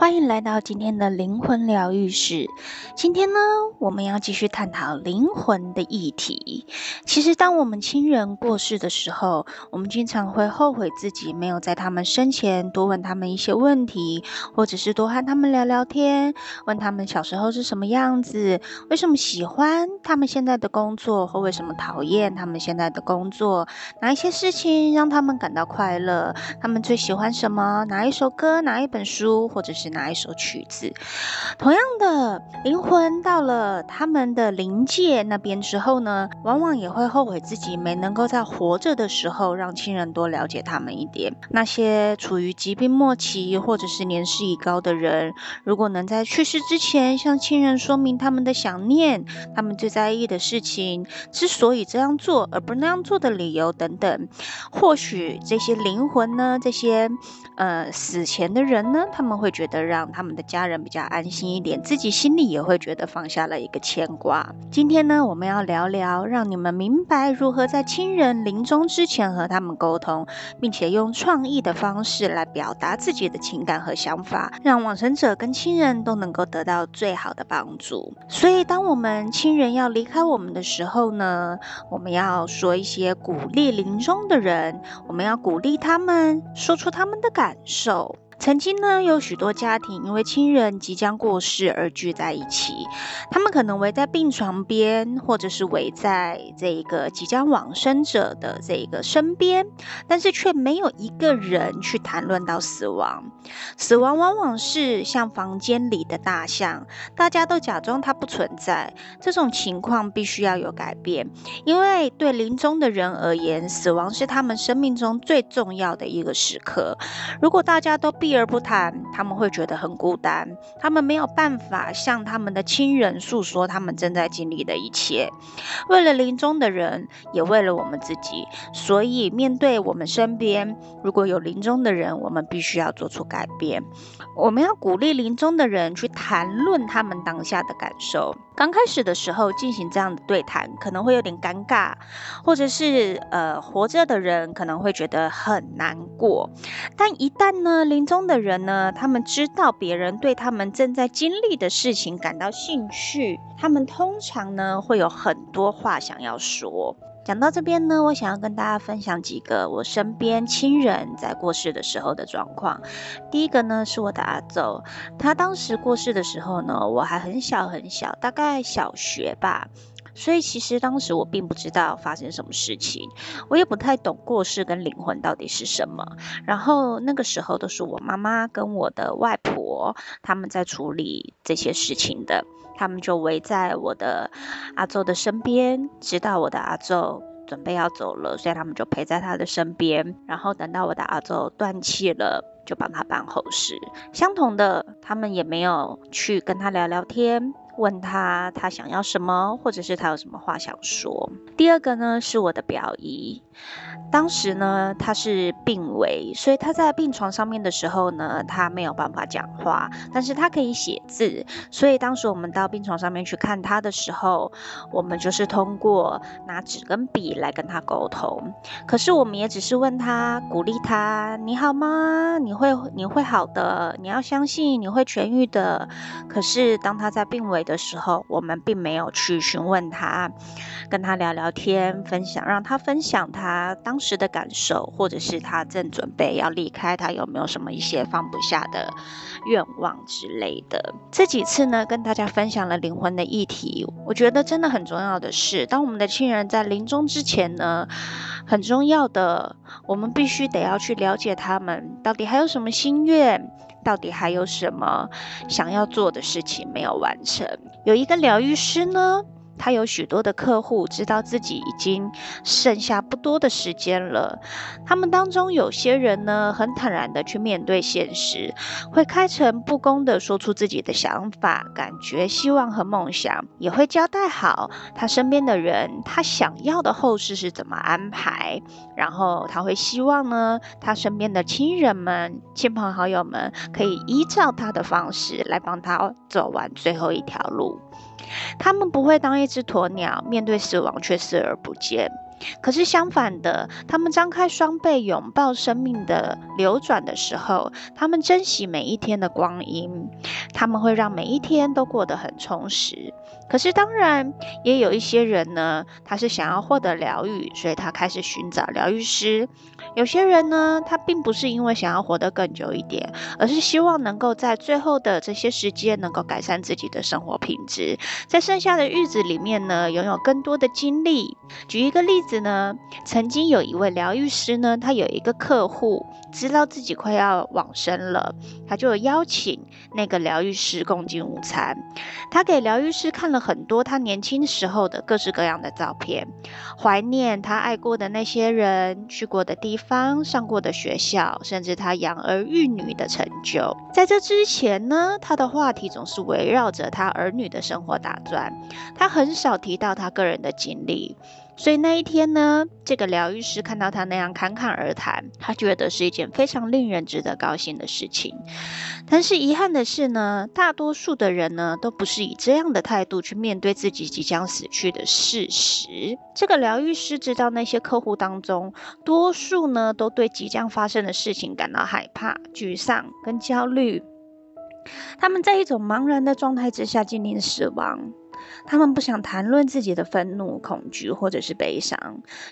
歡迎來到今天的靈魂療癒室。今天呢，我們要繼續探討靈魂的議題。其實，當我們親人過世的時候，我們經常會後悔自己沒有在他們生前多問他們一些問題，或者是多和他們聊聊天，問他們小時候是什麼樣子，為什麼喜歡他們現在的工作，或為什麼討厭他們現在的工作，哪一些事情讓他們感到快樂，他們最喜歡什麼，哪一首歌，哪一本書，或者是。哪一首曲子？同樣的靈魂到了他們的靈界那邊之後呢，往往也會後悔自己沒能夠在活着的時候讓親人多了解他們一點。那些處於疾病末期或者是年事已高的人，如果能在去世之前向親人說明他們的想念、他們最在意的事情、之所以這樣做而不那樣做的理由等等，或許這些靈魂呢，這些呃死前的人呢，他們會覺得。的讓他們的家人比較安心一點，自己心裡也會覺得放下了一個牽掛。今天呢，我們要聊聊，讓你們明白如何在親人臨終之前和他們溝通，並且用創意的方式來表達自己的情感和想法，讓往生者跟親人都能夠得到最好的幫助。所以，當我們親人要離開我們的時候呢，我們要說一些鼓勵臨終的人，我們要鼓勵他們說出他們的感受。曾經呢，有許多家庭因為親人即將過世而聚在一起，他們可能圍在病床邊，或者是圍在這一個即將往生者的這一個身邊，但是卻沒有一個人去談論到死亡。死亡往往是像房間裡的大象，大家都假裝它不存在。這種情況必須要有改變，因為對臨終的人而言，死亡是他們生命中最重要的一個時刻。如果大家都避，避而不談，他們會覺得很孤單，他們沒有辦法向他們的親人訴說他們正在經歷的一切。為了臨終的人，也為了我們自己，所以面對我們身邊如果有臨終的人，我們必須要做出改變。我們要鼓勵臨終的人去談論他們當下的感受。剛開始的時候進行這樣的對談，可能會有點尷尬，或者是呃，活着的人可能會覺得很難過。但一旦呢，臨終的人，的人呢，他們知道別人對他們正在經歷的事情感到興趣，他們通常呢會有很多話想要說。講到這邊呢，我想要跟大家分享幾個我身邊親人在過世的時候的狀況。第一個呢，是我的阿祖，他當時過世的時候呢，我還很小很小，大概小學吧。所以其實當時我並不知道發生什麼事情，我也不太懂過世跟靈魂到底是什麼。然後那個時候都是我媽媽跟我的外婆他們在處理這些事情的，他們就圍在我的阿祖的身邊，直到我的阿祖準備要走了，所以他們就陪在他的身邊。然後等到我的阿祖斷氣了，就幫他辦後事。相同的，他們也沒有去跟他聊聊天。問他，他想要什麼，或者是他有什麼話想說。第二個呢是我的表姨，當時呢，她是病危，所以她在病床上面的時候呢，她沒有辦法講話，但是她可以寫字。所以當時我們到病床上面去看她的時候，我們就是通過拿紙跟筆來跟她溝通。可是我們也只是問她，鼓勵她，你好嗎？你會你會好的，你要相信你會痊癒的。可是當她在病危的時候，我們並沒有去詢問他，跟他聊聊天，分享，讓他分享他當時的感受，或者是他正準備要離開，他有沒有什麼一些放不下的願望之類的。這幾次呢，跟大家分享了靈魂的議題，我覺得真的很重要的是，當我們的親人在臨終之前呢。很重要的，我們必須得要去了解他們到底還有什麼心願，到底還有什麼想要做的事情沒有完成。有一個療癒師呢，他有許多的客戶知道自己已經剩下不多的時間了，他們當中有些人呢，很坦然的去面對現實，會開誠布公的說出自己的想法、感覺、希望和夢想，也會交代好他身邊的人，他想要的後事是怎麼安排，然後他會希望呢，他身邊的親人們、親朋好友們可以依照他的方式來幫他走完最後一條路。他們不會當一隻鴕鳥，面對死亡卻視而不見。可是相反的，他們張開雙臂擁抱生命的流轉的時候，他們珍惜每一天的光陰，他們會讓每一天都過得很充實。可是當然也有一些人呢，他是想要獲得療癒，所以他開始尋找療癒師。有些人呢，他並不是因為想要活得更久一點，而是希望能夠在最後的這些時間能夠改善自己的生活品質，在剩下的日子裡面呢，擁有更多的精力。舉一個例子。是呢，曾經有一位療癒師呢，他有一個客戶知道自己快要往生了，他就有邀請那個療癒師共進午餐。他給療癒師看了很多他年輕時候的各式各樣的照片，懷念他愛過的那些人、去過的地方、上過的學校，甚至他養兒育女的成就。在這之前呢，他的話題總是圍繞着他兒女的生活打轉，他很少提到他個人的經歷。所以那一天呢，這個療癒師看到他那樣侃侃而談，他覺得是一件非常令人值得高興的事情。但是遺憾的是呢，大多數的人呢，都不是以這樣的態度去面對自己即將死去的事實。這個療癒師知道那些客戶當中，多數呢，都對即將發生的事情感到害怕、沮喪跟焦慮，他們在一種茫然的狀態之下面臨死亡。他們不想談論自己的憤怒、恐懼或者是悲傷，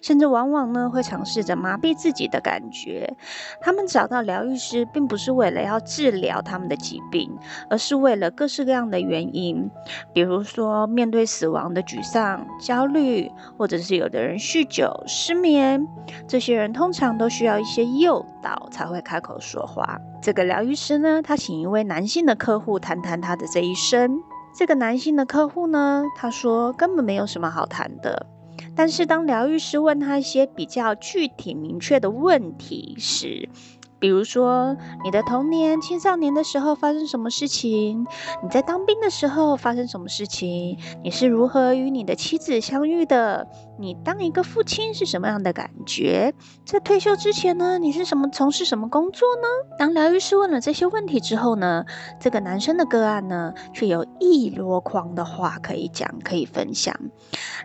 甚至往往呢會嘗試着麻痹自己的感覺。他們找到療癒師，並不是為了要治療他們的疾病，而是為了各式各樣的原因，比如說面對死亡的沮喪、焦慮，或者是有的人酗酒、失眠。這些人通常都需要一些誘導才會開口說話。這個療癒師呢，他請一位男性的客戶談談他的這一生。這個男性的客戶呢，他說根本沒有什麼好談的。但是當療癒師問他一些比較具體明確的問題時，比如說，你的童年、青少年的時候發生什麼事情？你在當兵的時候發生什麼事情？你是如何與你的妻子相遇的？你當一個父親是什麼樣的感覺？在退休之前呢，你是什麼，從事什麼工作呢？當療癒師問了這些問題之後呢，這個男生的個案呢，卻有一籮筐的話可以講，可以分享。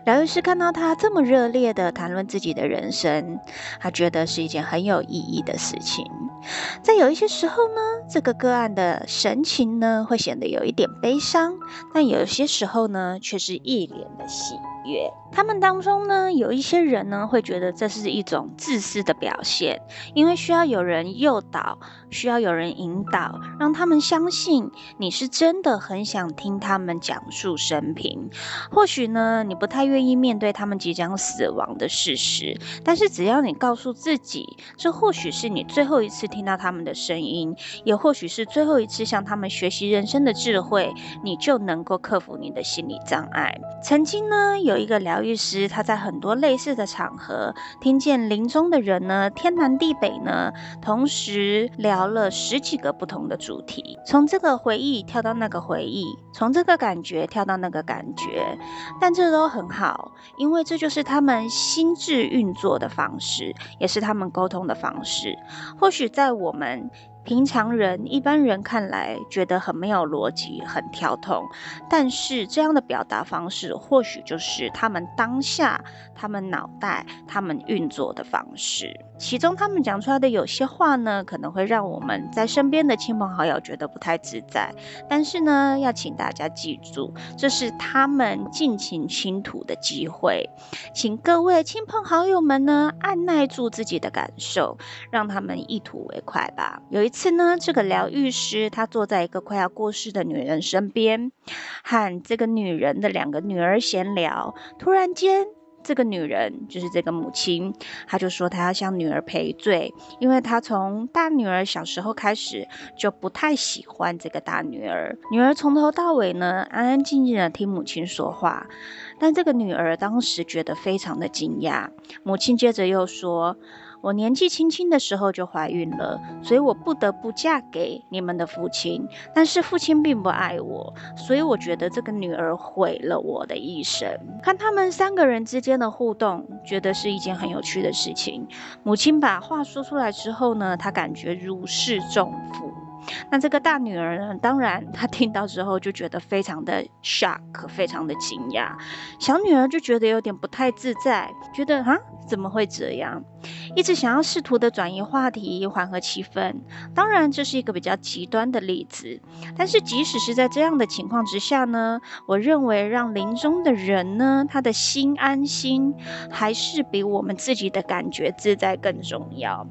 療癒師看到他這麼熱烈地談論自己的人生，他覺得是一件很有意義的事情。在有一些時候呢，這個個案的神情呢，會顯得有一點悲傷；但有些時候呢，卻是一臉的喜。Yeah. 他們當中呢，有一些人呢，會覺得這是一種自私的表現，因為需要有人誘導，需要有人引導，讓他們相信你是真的很想聽他們講述生平。或許呢，你不太願意面對他們即將死亡的事實，但是只要你告訴自己，這或許是你最後一次聽到他們的聲音，也或許是最後一次向他們學習人生的智慧，你就能夠克服你的心理障礙。曾經呢，有。有一個療癒師，他在很多類似的場合，聽見臨終的人呢，天南地北呢，同時聊了十幾個不同的主題，從這個回憶跳到那個回憶，從這個感覺跳到那個感覺，但這都很好，因為這就是他們心智運作的方式，也是他們溝通的方式。或許在我們。平常人、一般人看來覺得很沒有邏輯、很跳脫，但是這樣的表達方式，或許就是他們當下、他們腦袋、他們運作的方式。其中他們講出來的有些話呢，可能會讓我們在身邊的親朋好友覺得不太自在。但是呢，要請大家記住，這是他們盡情傾吐的機會。請各位親朋好友們呢，按捺住自己的感受，讓他們一吐為快吧。有一次呢，這個療癒師他坐在一個快要過世的女人身邊，和這個女人的兩個女兒閒聊，突然間，這個女人就是這個母親，她就說她要向女兒賠罪，因為她從大女兒小時候開始就不太喜歡這個大女兒。女兒從頭到尾呢，安安靜靜的聽母親說話，但這個女兒當時覺得非常的驚訝。母親接着又說。我年紀輕輕的時候就懷孕了，所以我不得不嫁給你們的父親。但是父親並不愛我，所以我覺得這個女兒毀了我的一生。看他們三個人之間的互動，覺得是一件很有趣的事情。母親把話說出來之後呢，她感覺如釋重負。那這個大女兒呢，當然，她聽到之後就覺得非常的 shock，非常的驚訝。小女兒就覺得有點不太自在，覺得啊，怎麼會這樣？一直想要試圖的轉移話題，緩和氣氛。當然，這是一個比較極端的例子。但是，即使是在這樣的情況之下呢，我認為讓臨終的人呢，他的心安心，還是比我們自己的感覺自在更重要。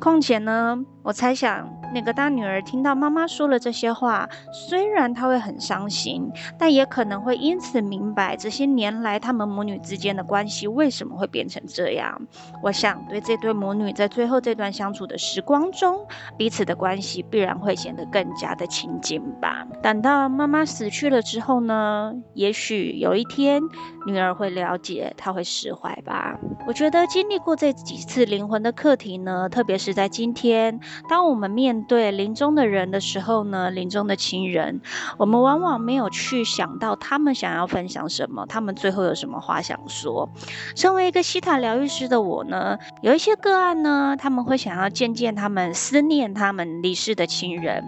況且呢，我猜想，那個大女兒聽到媽媽說了這些話，雖然她會很傷心，但也可能會因此明白這些年來她們母女之間的關係為什麼會變成這樣。我想，對這對母女在最後這段相處的時光中，彼此的關係必然會顯得更加的親近吧。等到媽媽死去了之後呢，也許有一天女兒會了解，她會釋懷吧。我覺得經歷過這幾次靈魂的課題呢，特別是在今天。當我們面對臨終的人的時候呢，臨終的親人，我們往往沒有去想到他們想要分享什麼，他們最後有什麼話想說。身為一個希塔療癒師的我呢，有一些個案呢，他們會想要見見他們思念他們離世的親人，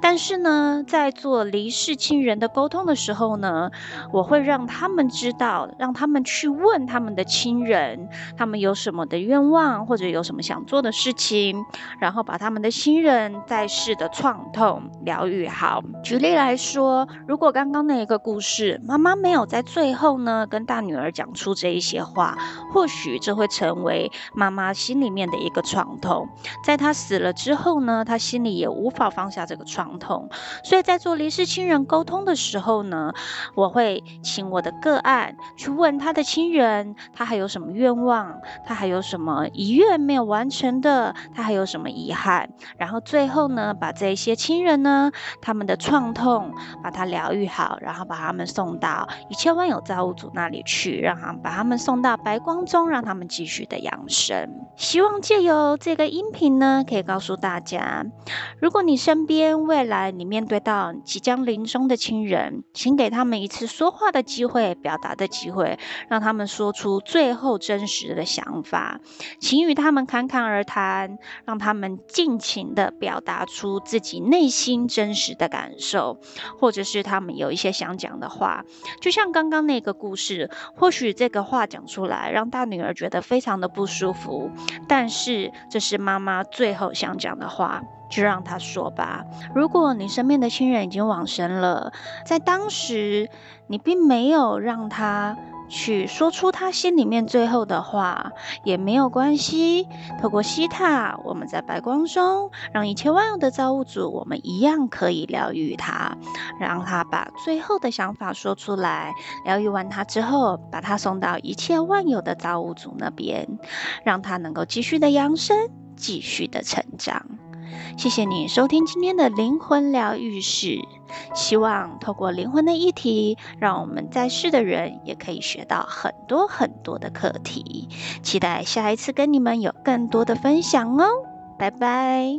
但是呢，在做離世親人的溝通的時候呢，我會讓他們知道，讓他們去問他們的親人，他們有什麼的願望或者有什麼想做的事情，然後把他。他們的親人在世的創痛療癒好。舉例來說，如果剛剛那一個故事，媽媽沒有在最後呢跟大女兒講出這一些話，或許這會成為媽媽心裡面的一個創痛。在她死了之後呢，她心裡也無法放下這個創痛。所以在做離世親人溝通的時候呢，我會請我的個案去問他的親人，他還有什麼願望，他還有什麼遺願沒有完成的，他還有什麼遺憾。然後最後呢，把這些親人呢，他們的創痛，把它療癒好，然後把他們送到一切萬有造物主那裡去，讓他把他們送到白光中，讓他們繼續的揚升。希望借由這個音頻呢，可以告訴大家：如果你身邊未來你面對到即將臨終的親人，請給他們一次說話的機會，表達的機會，讓他們說出最後真實的想法，請與他們侃侃而談，讓他們。盡情地表達出自己內心真實的感受，或者是他們有一些想講的話，就像剛剛那個故事，或許這個話講出來讓大女兒覺得非常的不舒服，但是這是媽媽最後想講的話，就讓她說吧。 如果你身邊的親人已經往生了，在當時你並沒有讓他。去說出他心裡面最後的話也沒有關係。透過希塔，我們在白光中，讓一切萬有的造物主，我們一樣可以療癒他，讓他把最後的想法說出來。療癒完他之後，把他送到一切萬有的造物主那邊，讓他能夠繼續的揚升，繼續的成長。謝謝你收聽今天的靈魂療癒室，希望透過靈魂的議題，讓我們在世的人也可以學到很多很多的課題。期待下一次跟你們有更多的分享哦，拜拜。